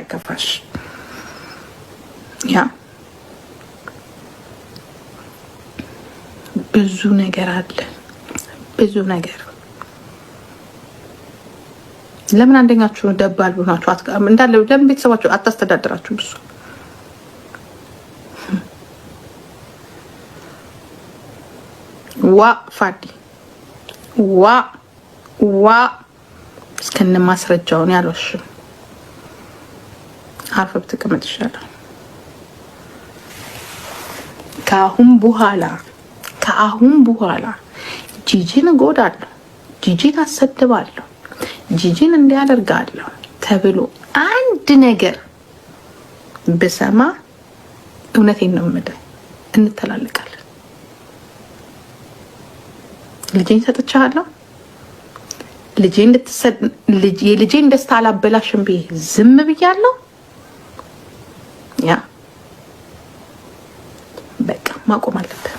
አይከፋሽ። ያ ብዙ ነገር አለ፣ ብዙ ነገር ለምን አንደኛችሁ ደባል ሆናችሁ እንዳለ ለምን ቤተሰባችሁ አታስተዳድራችሁ? እሱ ዋ ፋዲ ዋ ዋ እስከነ ማስረጃውን ያልወሽም አርፈ ብትቀመጥ ይሻላል። ከአሁን በኋላ ከአሁን በኋላ ጂጂን እጎዳለሁ፣ ጂጂን አሰድባለሁ፣ ጂጂን እንዲያደርጋለሁ ተብሎ አንድ ነገር ብሰማ እውነቴን ነው የምልህ፣ እንተላለቃለን። ልጄን ሰጥቻለሁ። የልጄን ደስታ አላበላሽም ብዬ ዝም ብያለሁ። ማቆም አለብህ።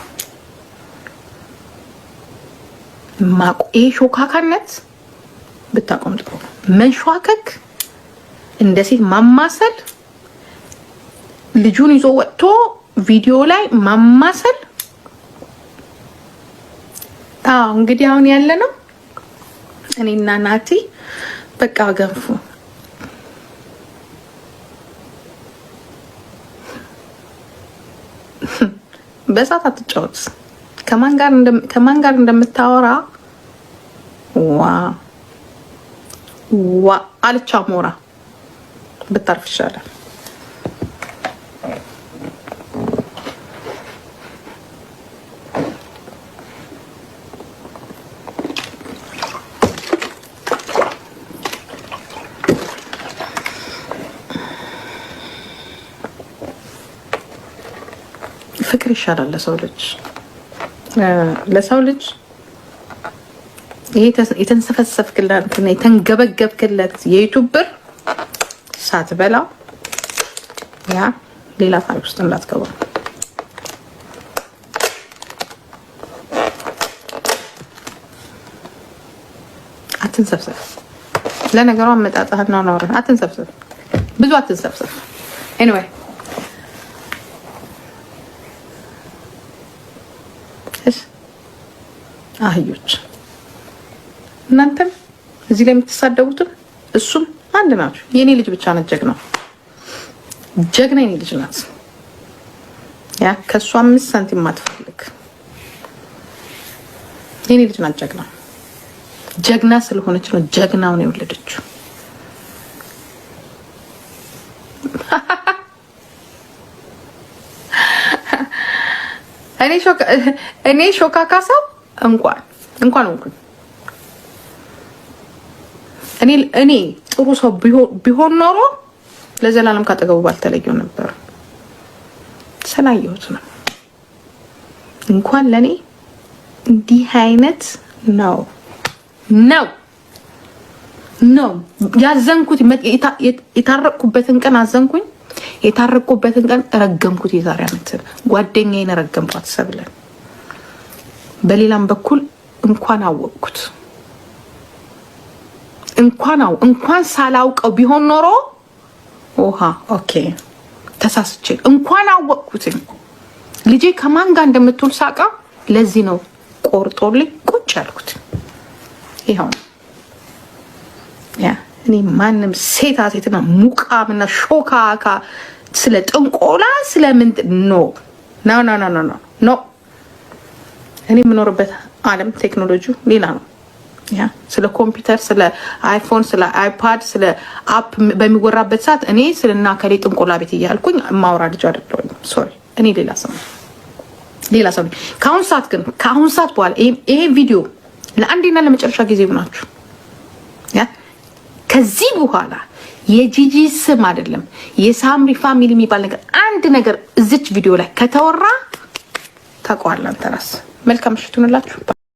ይሄ ሾካካነት ብታቆም ጥሩ ነው። መንሸዋከክ፣ እንደ ሴት ማማሰል፣ ልጁን ይዞ ወጥቶ ቪዲዮ ላይ ማማሰል። አዎ እንግዲህ አሁን ያለ ነው እኔና ናቲ በቃ ገንፉ በእሳት አትጫወት። ከማን ጋር እንደምታወራ ዋ ዋ አልቻ ሞራ ብታርፍ ይሻላል። ፍቅር ይሻላል ለሰው ልጅ ለሰው ልጅ ይሄ የተንሰፈሰፍክለት የተንገበገብክለት የዩቱብ ብር ሳትበላ ያ ሌላ ታሪክ ውስጥ እንዳትገባ። አትንሰብሰብ። ለነገሯ አመጣጣህና አትንሰብሰብ፣ ብዙ አትንሰብሰብ። ኤኒዌይ አይደል? አህዮች እናንተም እዚህ ላይ የምትሳደቡትም እሱም አንድ ናችሁ። የእኔ ልጅ ብቻ ናት ጀግናው። ጀግና የኔ ልጅ ናት። ያ ከእሱ አምስት ሳንቲም ማትፈልግ የኔ ልጅ ናት ጀግና። ጀግና ስለሆነች ነው ጀግናውን የወለደችው። እኔ ሾካካ ሰው እንኳን እንኳን ሆንኩኝ። እኔ ጥሩ ሰው ቢሆን ኖሮ ለዘላለም ካጠገቡ ባልተለየው ነበር። ስላየሁት ነው። እንኳን ለእኔ እንዲህ አይነት ነው ነው ነው ያዘንኩት። የታረቅኩበትን ቀን አዘንኩኝ። የታረቁበትን ቀን ረገምኩት። የዛሬ ዓመት ጓደኛዬን ረገምኳት ሰብለን። በሌላም በኩል እንኳን አወቅኩት እንኳን አው እንኳን ሳላውቀው ቢሆን ኖሮ ውሃ ኦኬ ተሳስቼ እንኳን አወቅኩትኝ። ልጄ ከማን ጋር እንደምትውል ሳቃ። ለዚህ ነው ቆርጦልኝ ቁጭ ያልኩት ይኸው እኔ ማንም ሴታ ሴትና ሙቃምና ሾካካ ስለ ጥንቆላ ስለምን ኖ ኖ ኖ ኖ ኖ ኖ እኔ የምኖርበት ዓለም ቴክኖሎጂ ሌላ ነው። ያ ስለ ኮምፒውተር፣ ስለ አይፎን፣ ስለ አይፓድ፣ ስለ አፕ በሚወራበት ሰዓት እኔ ስልና ከሌ ጥንቆላ ቤት እያልኩኝ ማውራ ልጅ አይደለሁም። ሶሪ እኔ ሌላ ሰው ሌላ ሰው። ከአሁን ሰዓት ግን ከአሁን ሰዓት በኋላ ይሄ ቪዲዮ ለአንዴና ለመጨረሻ ጊዜ ሆናችሁ ከዚህ በኋላ የጂጂ ስም አይደለም የሳምሪ ፋሚሊ የሚባል ነገር አንድ ነገር እዚች ቪዲዮ ላይ ከተወራ ተቋርላን ተራስ መልካም ምሽቱን